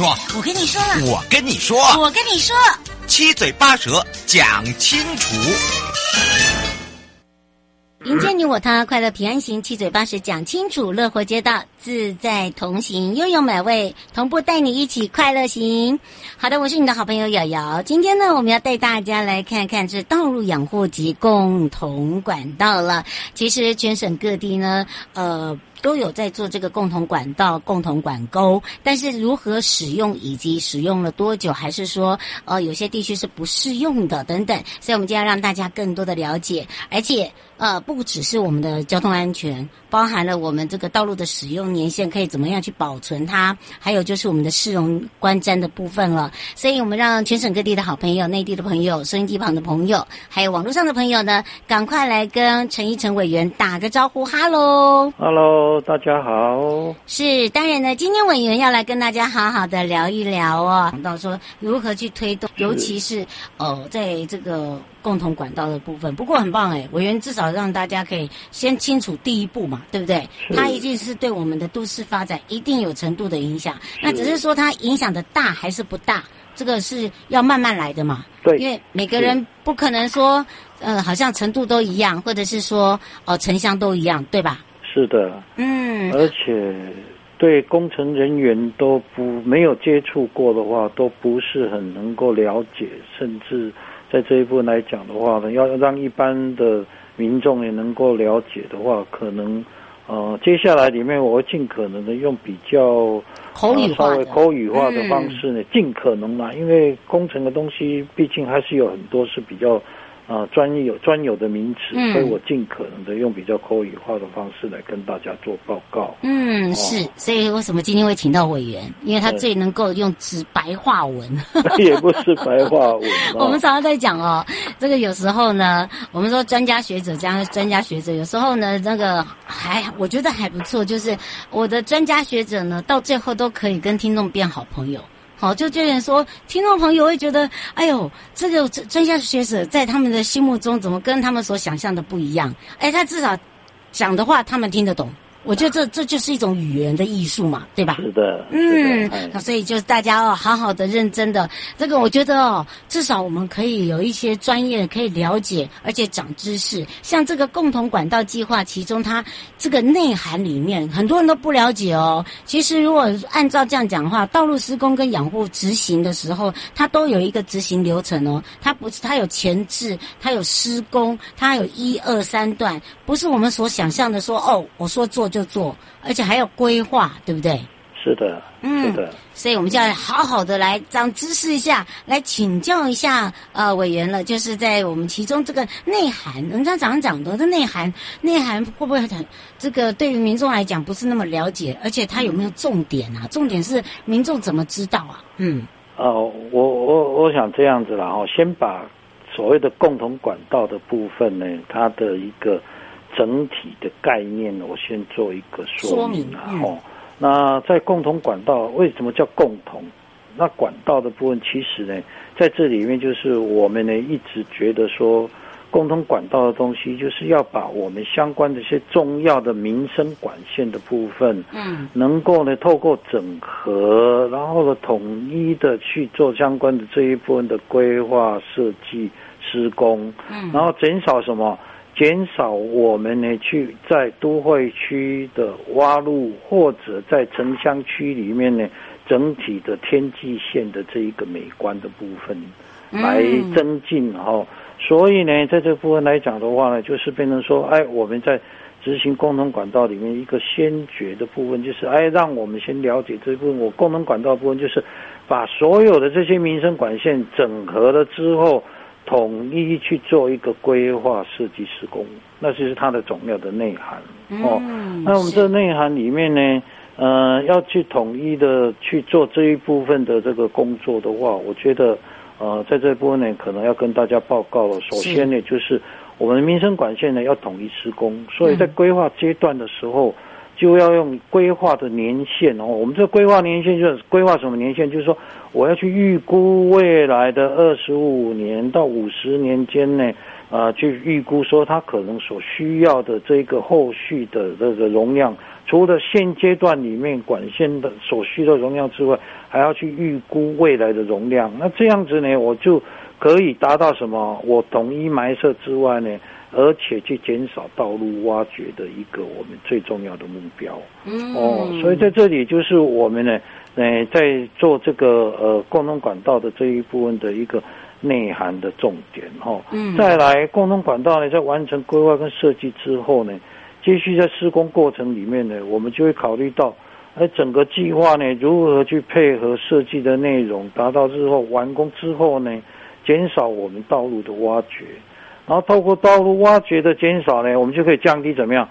我跟你說，我跟你說，我跟你說，我跟你說，七嘴八舌講清楚。迎接你我他，快樂平安行，七嘴八舌講清楚，樂活街道自在同行，擁有美味，同步帶你一起快樂行。好的，我是你的好朋友瑤瑤。今天呢，我們要帶大家來看看這道路養護及共同管道了。其實全省各地呢，呃。都有在做這個共同管道、共同管溝，但是如何使用以及使用了多久，還是說呃有些地區是不適用的等等，所以我們就要讓大家更多的了解，而且。呃，不只是我們的交通安全，包含了我們這個道路的使用年限，可以怎麼樣去保存它？還有就是我們的市容觀瞻的部分了。所以，我們讓全省各地的好朋友、內地的朋友、收音機旁的朋友，還有網絡上的朋友呢，趕快來跟陳一成委員打個招呼，哈嘍，哈嘍，大家好。是，當然呢，今天委員要來跟大家好好的聊一聊哦，講到說如何去推動，尤其是哦，在這個共同管道的部分。不過很棒哎，委員至少。讓大家可以先清楚第一步嘛，對不對？它，是一定是對我們的都市發展一定有程度的影響，是那只是說它影響的大還是不大，這個是要慢慢來的嘛。對，因為每個人不可能說，是呃，好像程度都一樣，或者是說，哦、呃，城鄉都一樣，對吧？是的，嗯，而且對工程人員都不沒有接觸過的話，都不是很能夠了解，甚至在這一部分來講的話呢，要讓一般的。民眾也能夠了解的話，可能，呃，接下來裡面我會盡可能的用比較口語化、啊、稍微口語化的方式呢，盡、嗯、可能嘛、啊，因為工程的東西畢竟還是有很多是比較。啊，專有專有的名詞，嗯、所以我盡可能的用比較口語化的方式來跟大家做報告。嗯，是，哦、所以為什麼今天會請到委員？因為他最能夠用直白話文，對呵呵也不是白話文。 我們常常在講哦，這個有時候呢，我們說專家學者，是專家學者，有時候呢，那個還我覺得還不錯，就是我的專家學者呢，到最後都可以跟聽眾變好朋友。好，就這點說，聽眾朋友會覺得，哎呦，這個專家學者在他們的心目中，怎麼跟他們所想象的不一樣？哎，他至少講的話，他們聽得懂。我覺得這這就是一種語言的藝術嘛，對吧？是的，是的。嗯，所以就是大家哦，好好的、認真的，這個我覺得哦，至少我們可以有一些專業可以了解，而且長知識。像這個共同管道計劃，其中它這個內涵裡面，很多人都不了解哦。其實如果按照這樣講的話，道路施工跟養護執行的時候，它都有一個執行流程哦。它不是，它有前置，它有施工，它有一二三段，不是我們所想象的說哦，我說做。就做，而且還要規劃，對不對？是的，嗯，是的。嗯、所以，我們就要好好的來長知識一下，來請教一下呃委員了。就是在我們其中這個內涵，文章長長的內涵，內涵會不會很這個對於民眾來講不是那麼了解？而且，它有沒有重點啊？嗯、重點是民眾怎麼知道啊？嗯，哦、呃，我我我想這樣子了哈，先把所謂的共同管道的部分呢，它的一個。整體的概念，我先做一個說明啊、嗯哦。那在共同管道為什麼叫共同？那管道的部分，其實呢，在這裡面就是我們呢一直覺得說，共同管道的東西，就是要把我們相關的一些重要的民生管線的部分，嗯，能夠呢透過整合，然後呢統一的去做相關的這一部分的規劃設計、施工，嗯，然後減少什麼？減少我們呢去在都會區的挖路，或者在城鄉區裡面呢整體的天際線的這一個美觀的部分來增進、嗯、哦。所以呢，在這個部分來講的話呢，就是變成說，哎，我們在執行共同管道裡面一個先決的部分，就是哎，讓我們先了解這部分。我共同管道部分就是把所有的這些民生管線整合了之後。統一去做一個規劃設計施工，那就是它的總要的內涵、嗯、哦。那我們這內涵裡面呢，是呃，要去統一的去做這一部分的這個工作的話，我覺得，呃，在這一部分呢，可能要跟大家報告了。首先呢，是就是我們的民生管線呢要統一施工，所以在規劃階段的時候。嗯就要用規劃的年限哦，我們這規劃年限就是規劃什麼年限？就是說，我要去預估未來的二十五年到五十年間呢，啊、呃，去預估說它可能所需要的這個後續的這個容量，除了現階段裡面管線的所需的容量之外，還要去預估未來的容量。那這樣子呢，我就可以達到什麼？我統一埋設之外呢？而且去減少道路挖掘的一個我們最重要的目標。嗯，哦，所以在這裡就是我們呢，呃、在做這個呃共同管道的這一部分的一個內涵的重點、哦、嗯，再來共同管道呢，在完成規劃跟設計之後呢，繼續在施工過程裡面呢，我們就會考慮到，哎、呃，整個計劃呢如何去配合設計的內容，達到日後完工之後呢，減少我們道路的挖掘。然後透過道路挖掘的減少呢，我們就可以降低怎麼樣，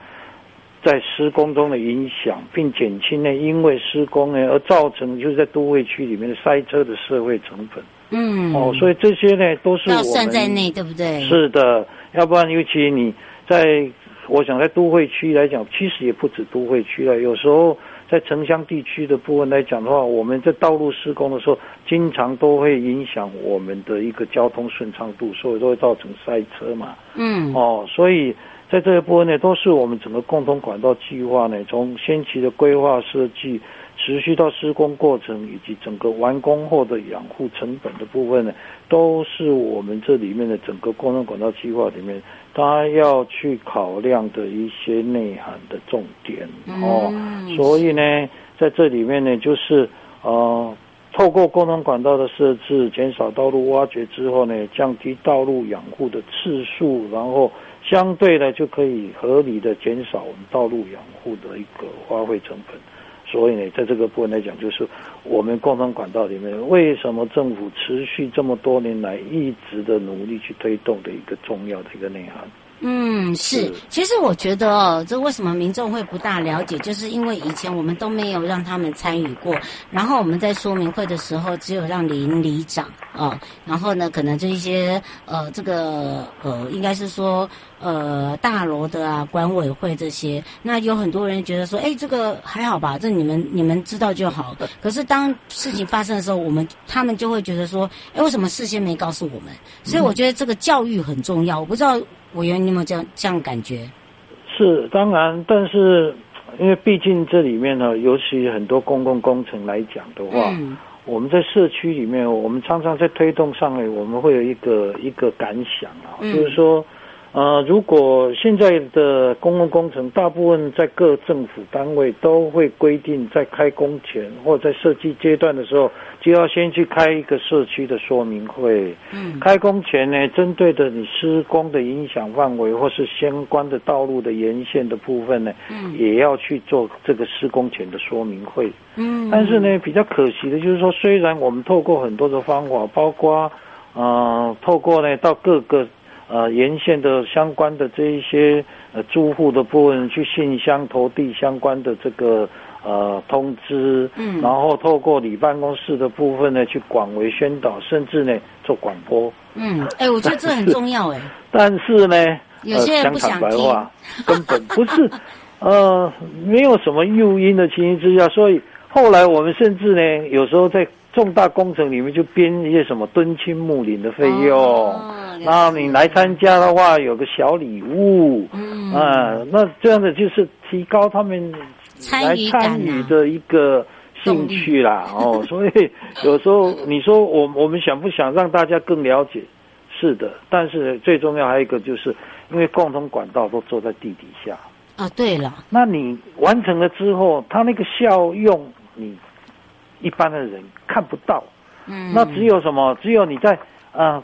在施工中的影響，並減輕呢因為施工呢而造成就是在都會區裡面的塞車的社會成本。嗯，哦，所以這些呢都是我要算在內，對不對？是的，要不然尤其你在，我想在都會區來講，其實也不止都會區了，有時候。在城鄉地區的部分來講的話，我們在道路施工的時候，經常都會影響我們的一個交通順暢度，所以都會造成塞車嘛。嗯，哦，所以在這些部分呢，都是我們整個共同管道計劃呢，從先期的規劃設計，持續到施工過程，以及整個完工後的養護成本的部分呢，都是我們這裡面的整個共同管道計劃裡面。它要去考量的一些內涵的重點哦，嗯、所以呢，在這裡面呢，就是呃，透過共同管道的設置，減少道路挖掘之後呢，降低道路養護的次數，然後相對的就可以合理的減少我們道路養護的一個花費成本。所以呢，在這個部分來講，就是我們共同管道裡面，為什麼政府持續這麼多年來一直的努力去推動的一個重要的一個內涵。嗯，是。其實我覺得哦，這為什麼民眾會不大了解，就是因為以前我們都沒有讓他們參與過。然後我們在說明會的時候，只有讓鄰里長啊、哦，然後呢，可能這一些呃，這個呃，應該是說呃，大樓的啊，管委會這些。那有很多人覺得說，哎，這個還好吧，這你們你們知道就好。可是當事情發生的時候，我們他們就會覺得說，哎，為什麼事先沒告訴我們？所以我覺得這個教育很重要。我不知道。我你有沒有這樣這樣感覺，是當然，但是因為畢竟這裡面呢，尤其很多公共工程來講的話，嗯、我們在社區裡面，我們常常在推動上面，我們會有一個一個感想啊，就是說。嗯呃，如果現在的公共工程，大部分在各政府單位都會規定，在開工前或者在設計階段的時候，就要先去開一個社區的說明會。嗯，開工前呢，針對的你施工的影響範圍或是相關的道路的沿線的部分呢，嗯，也要去做這個施工前的說明會。嗯，嗯，但是呢，比較可惜的就是說，雖然我們透過很多的方法，包括，呃，透過呢到各個。呃，沿線的相關的這一些呃住戶的部分去信箱投遞相關的這個呃通知，嗯，然後透過里辦公室的部分呢去廣為宣導，甚至呢做廣播。嗯，哎、欸，我覺得這很重要哎。但是呢，有些人、呃、講白話根本不是 呃沒有什麼誘因的情形之下，所以後來我們甚至呢有時候在。重大工程裡面就編一些什麼敦親睦鄰的費用，哦、然後你來參加的話有個小禮物，啊、嗯嗯，那這樣的就是提高他們來參與的一個興趣啦。力哦，所以有時候你說我我們想不想讓大家更了解？是的，但是最重要還有一個就是因為共同管道都坐在地底下啊，對了，那你完成了之後，它那個效用你，一般的人看不到，嗯，那只有什麼？只有你在啊，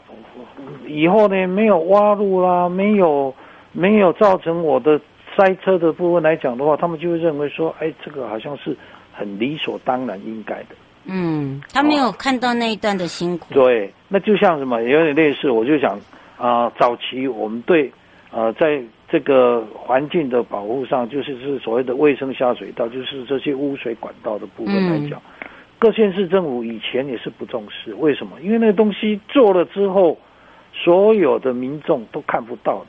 以後呢，沒有挖路啦，沒有沒有造成我的塞車的部分來講的話，他們就會認為說，哎，這個好像是很理所當然應該的。嗯，他沒有看到那一段的辛苦。啊、對，那就像什麼，有點類似，我就想啊，早期我們對呃、啊，在這個環境的保護上，就是是所謂的衛生下水道，就是這些污水管道的部分來講。嗯。各縣市政府以前也是不重視，為什麼？因為那個東西做了之後，所有的民眾都看不到的，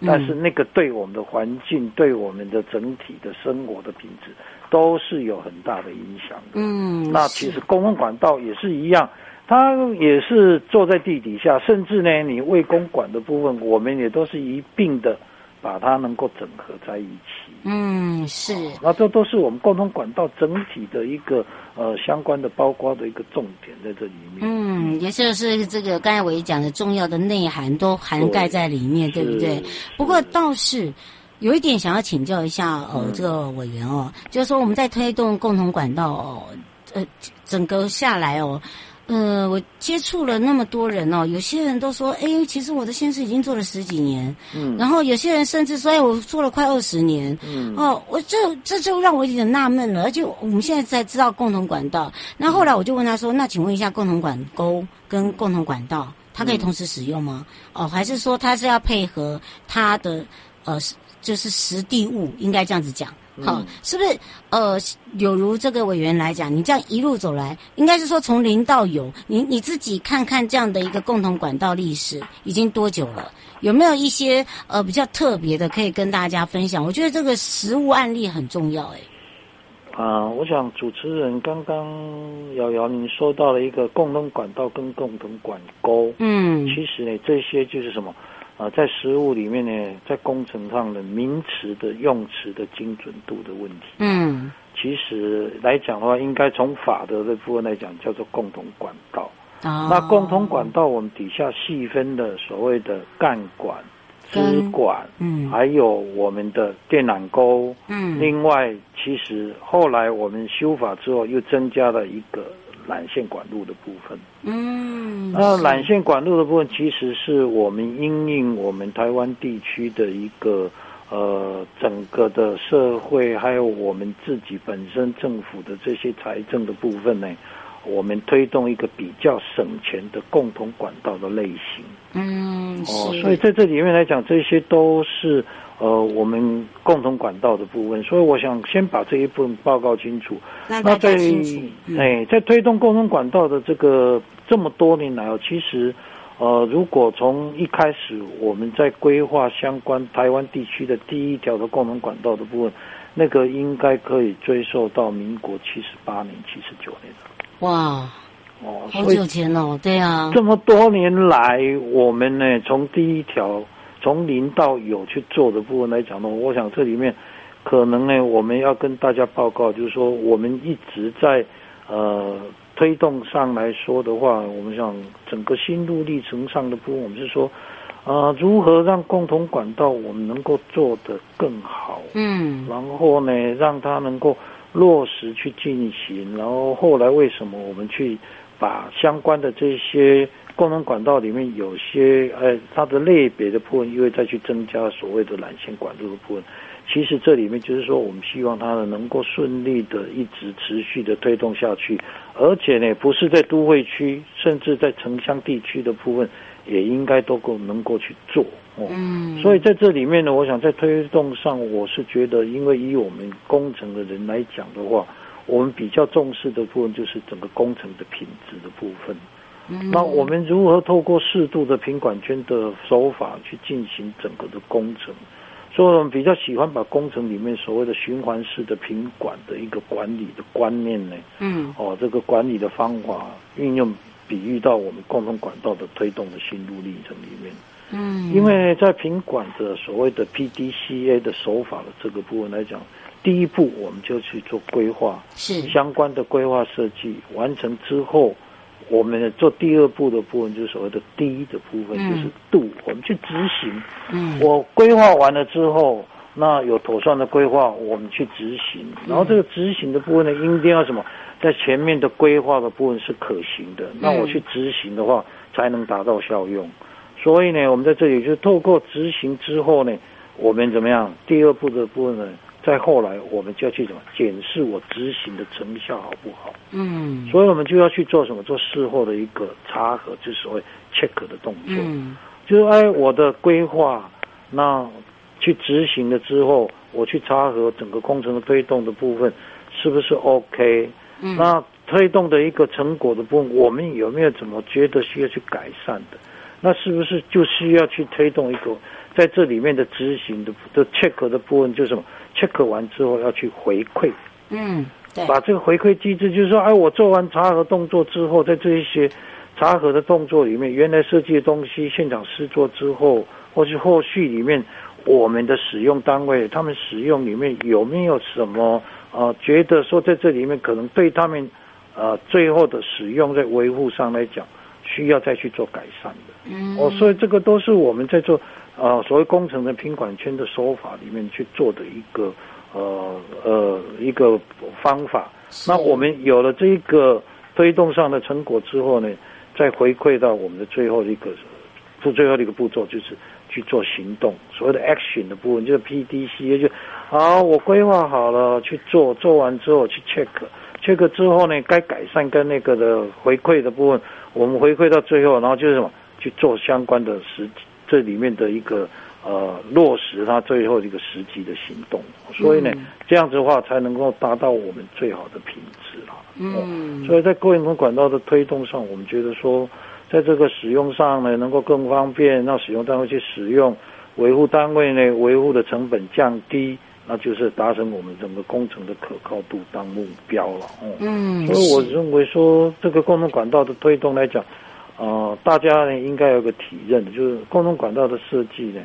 嗯、但是那個對我們的環境、對我們的整體的生活的品質，都是有很大的影響的。嗯，那其實共同管道也是一樣，它也是做在地底下，甚至呢，你微共管的部分，對我們也都是一併的，把它能夠整合在一起。嗯，是。那這都是我們共同管道整體的一個呃相關的包括的一個重點在這裡面。嗯，也就是這個剛才我也講的重要的內涵都涵蓋在裡面，對，對不對？不過倒是有一點想要請教一下呃，哦嗯、這個委員哦，就是說我們在推動共同管道、哦、呃整個下來哦。嗯、呃，我接觸了那麼多人哦，有些人都說，哎，其實我的先生已經做了十幾年，嗯，然後有些人甚至說，哎，我做了快二十年，嗯，哦，我這這就讓我有點納悶了，而且我們現在才知道共同管道，那後，後來我就問他說，嗯、那請問一下，共同管溝跟共同管道，它可以同時使用嗎？嗯、哦，還是說它是要配合它的呃，就是實地物，應該這樣子講。嗯、好，是不是？呃，有如這個委員來講，你這樣一路走來，應該是說從零到有，你你自己看看這樣的一個共同管道歷史已經多久了？有沒有一些呃比較特別的可以跟大家分享？我覺得這個實務案例很重要，欸，哎。啊，我想主持人剛剛瑤瑤您說到了一個共同管道跟共同管溝，嗯，其實呢這些就是什麼？啊、呃，在實務裡面呢，在工程上的名詞的用詞的精準度的問題。嗯，其實來講的話，應該從法的這部分來講，叫做共同管道。啊、哦，那共同管道我們底下細分了所謂的幹管、支管，嗯，還有我們的電纜溝。嗯，另外，其實後來我們修法之後，又增加了一個。纜線管路的部分，嗯，那纜線管路的部分，其實是我們因應我們台灣地區的一個呃整個的社會，還有我們自己本身政府的這些財政的部分呢，我們推動一個比較省錢的共同管道的類型，嗯，哦，所以在這裡面來講，這些都是。呃，我們共同管道的部分，所以我想先把這一部分報告清楚。那在哎，對，嗯，欸，在推動共同管道的這個這麼多年來，其實呃，如果從一開始我們在規劃相關台灣地區的第一條的共同管道的部分，那個應該可以追溯到民國七十八年，七十九年的。哇，哦，所以好久前哦，對啊。這麼多年來，我們呢，從第一條。從零到有去做的部分來講呢，我想這裡面可能呢，我們要跟大家報告，就是說我們一直在呃推動上來說的話，我們想整個心路歷程上的部分，我們是說啊、呃，如何讓共同管道我們能夠做得更好，嗯，然後呢，讓它能夠落實去進行，然後後來為什麼我們去把相關的這些。共同管道裡面有些，呃，它的類別的部分，又會再去增加所謂的纜線管道的部分。其實這裡面就是說，我們希望它呢能夠順利的一直持續的推動下去，而且呢，不是在都會區，甚至在城鄉地區的部分，也應該都夠能夠去做哦。所以在這裡面呢，我想在推動上，我是覺得，因為以我們工程的人來講的話，我們比較重視的部分就是整個工程的品質的部分。那我們如何透過適度的品管圈的手法去進行整個的工程？所以我們比較喜歡把工程裡面所謂的循環式的品管的一個管理的觀念呢，嗯，哦，這個管理的方法運用比喻到我們共同管道的推動的心路歷程裡面，嗯，因為在品管的所謂的 PDCA 的手法的這個部分來講，第一步我們就去做規劃，是相關的規劃設計完成之後。我們做第二步的部分，就是所謂的“第一”的部分，嗯、就是度。我們去執行。嗯，我規劃完了之後，那有妥善的規劃，我們去執行。然後這個執行的部分呢，嗯、一定要什麼？在前面的規劃的部分是可行的，嗯、那我去執行的話，才能達到效用。所以呢，我們在這裡就是、透過執行之後呢，我們怎麼樣？第二步的部分呢？再後來，我們就要去什麼檢視我執行的成效好不好？嗯，所以我們就要去做什麼，做事後的一個查核，就是所謂 check 的動作。嗯，就是哎，我的規劃那去執行了之後，我去查核整個工程的推動的部分是不是 OK？那推動的一個成果的部分，我們有沒有怎麼覺得需要去改善的？那是不是就需要去推動一個在這裡面的執行的的 check 的部分，就什麼？check 完之後要去回饋，嗯，把這個回饋機制，就是說，哎，我做完查核動作之後，在這一些查核的動作裡面，原來設計的東西，現場施作之後，或是後續裡面，我們的使用單位他們使用裡面有沒有什麼啊、呃？覺得說在這裡面可能對他們啊、呃、最後的使用在維護上來講，需要再去做改善的。嗯，哦，所以這個都是我們在做。啊，所謂工程的品管圈的手法裡面去做的一個，呃呃一個方法。那我們有了這一個推動上的成果之後呢，再回饋到我們的最後一個，最後的一個步驟就是去做行動，所謂的 action 的部分，就是 PDC，就，好，我規劃好了去做，做完之後去 check，check check 之後呢，該改善跟那個的回饋的部分，我們回饋到最後，然後就是什麼，去做相關的實際。這裡面的一個呃落實，它最後一個實際的行動，所以呢，嗯、這樣子的話才能夠達到我們最好的品質了。哦、嗯，所以在共同管道的推動上，我們覺得說，在這個使用上呢，能夠更方便，讓使用單位去使用，維護單位呢，維護的成本降低，那就是達成我們整個工程的可靠度當目標了。嗯，嗯所以我認為說，是這個共同管道的推動來講。呃，大家呢應該有個體認，就是共同管道的設計呢，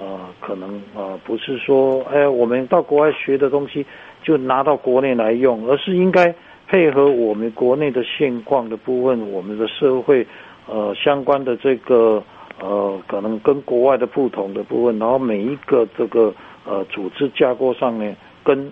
呃，可能呃，不是說哎、欸、我們到國外學的東西就拿到國內來用，而是應該配合我們國內的現況的部分，我們的社會呃相關的這個呃可能跟國外的不同的部分，然後每一個這個呃組織架構上面跟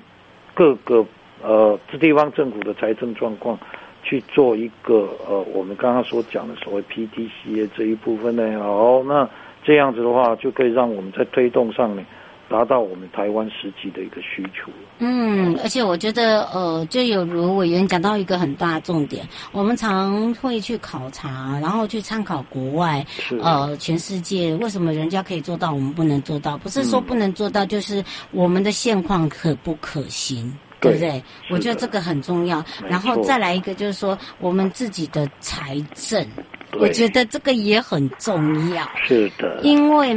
各個呃地方政府的財政狀況。去做一個呃，我們剛剛所講的所謂 PTC 這一部分呢。好，那這樣子的話，就可以讓我們在推動上面達到我們台灣實際的一個需求。嗯，而且我覺得呃，就有如委員講到一個很大的重點，我們常會去考察，然後去參考國外，是呃，全世界為什麼人家可以做到，我們不能做到？不是說不能做到，嗯、就是我們的現況可不可行？對不對？對，我覺得這個很重要。錯然後再來一個，就是說我們自己的財政，對我覺得這個也很重要。是的。因為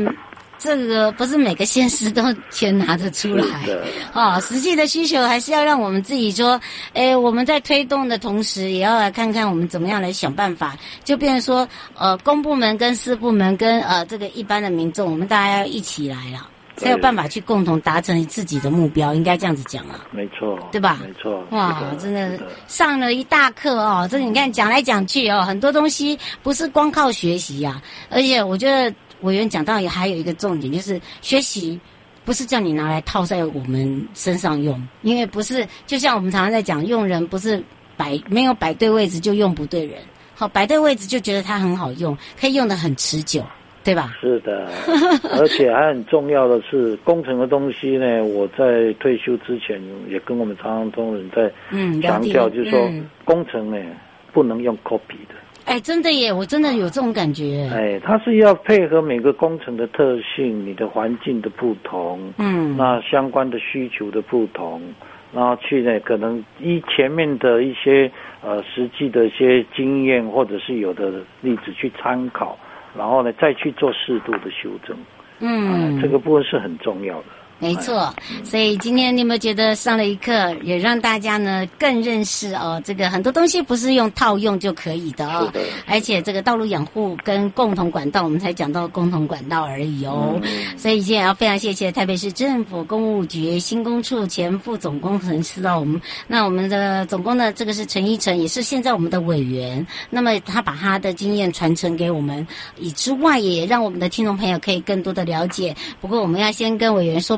這個不是每個縣市都錢拿得出來。的啊、哦，實際的需求還是要讓我們自己說。誒，我們在推動的同時，也要來看看我們怎麼樣來想辦法。就變成說，呃，公部門跟私部門跟呃這個一般的民眾，我們大家要一起來了。才有辦法去共同達成自己的目標，對應該這樣子講啊。沒錯，對吧？沒錯，哇，的真的，的上了一大課哦。這你看講來講去哦，很多東西不是光靠學習呀、啊。而且我覺得委員講到也還有一個重點，就是學習不是叫你拿來套在我們身上用，因為不是，就像我們常常在講，用人不是擺沒有擺對位置就用不對人，好擺對位置就覺得它很好用，可以用得很持久。對吧？是的，而且還很重要的是， 工程的東西呢，我在退休之前也跟我們常常中人在強調，就是說，嗯嗯、工程呢不能用 copy 的。哎，真的耶，我真的有這種感覺。哎，它是要配合每個工程的特性，你的環境的不同，嗯，那相關的需求的不同，然後去呢，可能以前面的一些呃實際的一些經驗，或者是有的例子去參考。然後呢，再去做適度的修正，嗯、呃，這個部分是很重要的。沒錯，所以今天你有沒有覺得上了一課，也讓大家呢更認識哦？這個很多東西不是用套用就可以的哦。而且這個道路養護跟共同管道，我們才講到共同管道而已哦。所以今天也要非常謝謝台北市政府工務局新工處前副總工程司哦。我們那我們的總工呢，這個是陳一成，也是現在我們的委員。那麼他把他的經驗傳承給我們，以之外也讓我們的聽眾朋友可以更多的了解。不過我們要先跟委員說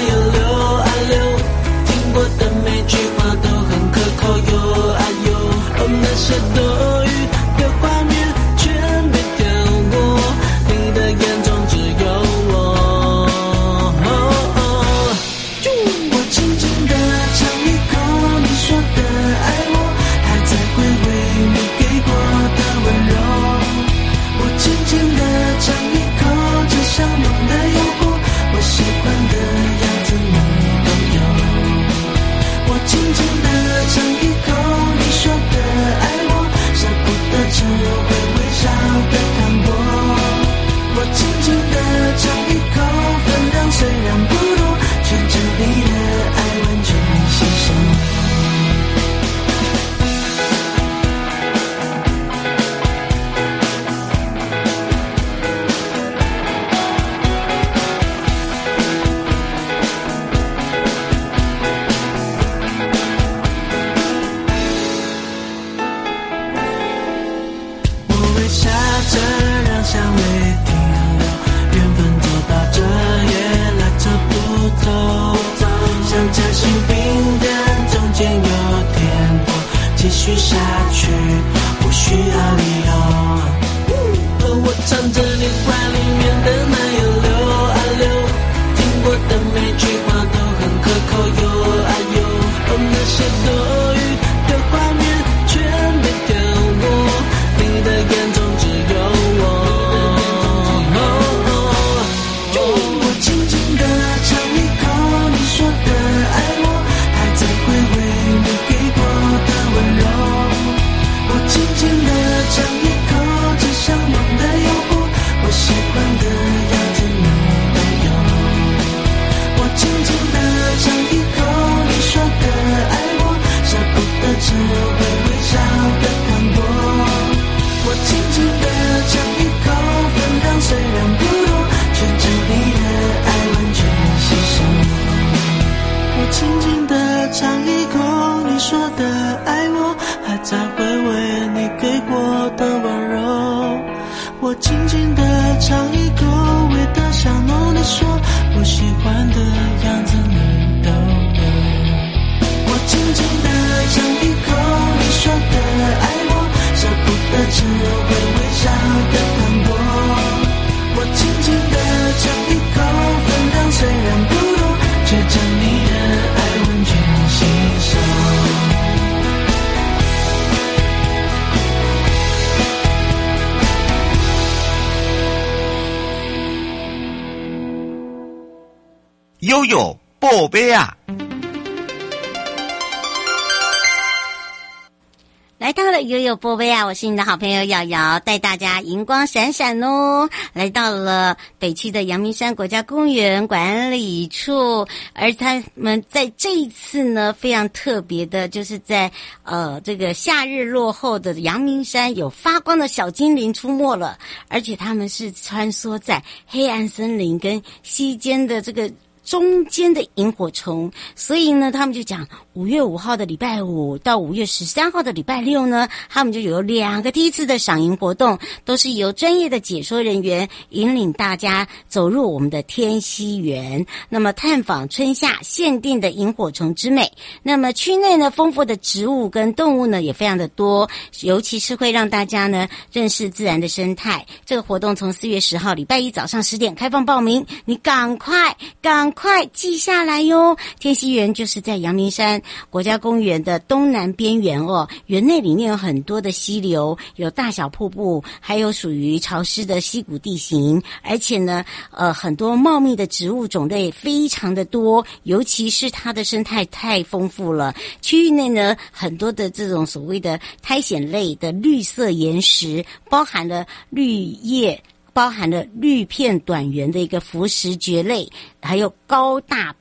悠悠寶貝啊，來到了悠悠寶貝啊！我是你的好朋友瑤瑤，帶大家螢光閃閃哦，來到了北區的陽明山國家公園管理處。而他們在這一次呢，非常特別的，就是在呃這個夏日落後的陽明山，有發光的小精靈出沒了，而且他們是穿梭在黑暗森林跟溪澗的這個。中間的螢火蟲，所以呢，他們就講五月五號的禮拜五到五月十三號的禮拜六呢，他們就有兩個第一次的賞螢活動，都是由專業的解說人員引領大家走入我們的天溪園，那麼探訪春夏限定的螢火蟲之美。那麼區內呢，豐富的植物跟動物呢，也非常的多，尤其是會讓大家呢認識自然的生態。這個活動從四月十號禮拜一早上十點開放報名，你趕快，趕快。快記下來喲！天溪園就是在陽明山國家公園的東南邊緣哦。園內裡面有很多的溪流，有大小瀑布，還有屬於潮濕的溪谷地形。而且呢，呃，很多茂密的植物種類非常的多，尤其是它的生態太豐富了。區域內呢，很多的這種所謂的苔蘚類的綠色岩石，包含了綠葉。包含了綠片短圓的一個伏石蕨，蕨類，還有高大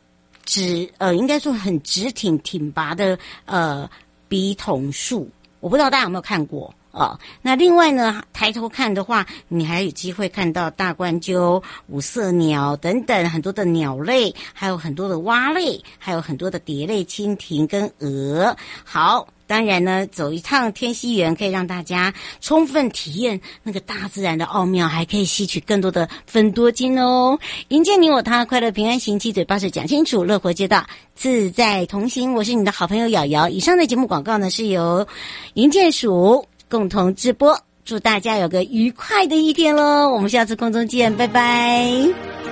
直、直呃應該說很直挺挺拔的呃筆筒樹，我不知道大家有沒有看過啊、哦？那另外呢，抬頭看的話，你還有機會看到大冠鷲、五色鳥等等很多的鳥類，還有很多的蛙類，還有很多的蝶類、蜻蜓跟蛾。好。當然呢，走一趟天溪園可以讓大家充分體驗那個大自然的奧妙，還可以吸取更多的芬多精哦。迎接你我他，快樂平安行，七嘴八舌講清楚，樂活街道自在同行。我是你的好朋友瑤瑤。以上的節目廣告呢，是由營建署共同直播。祝大家有個愉快的一天嘍！我們下次空中見，拜拜。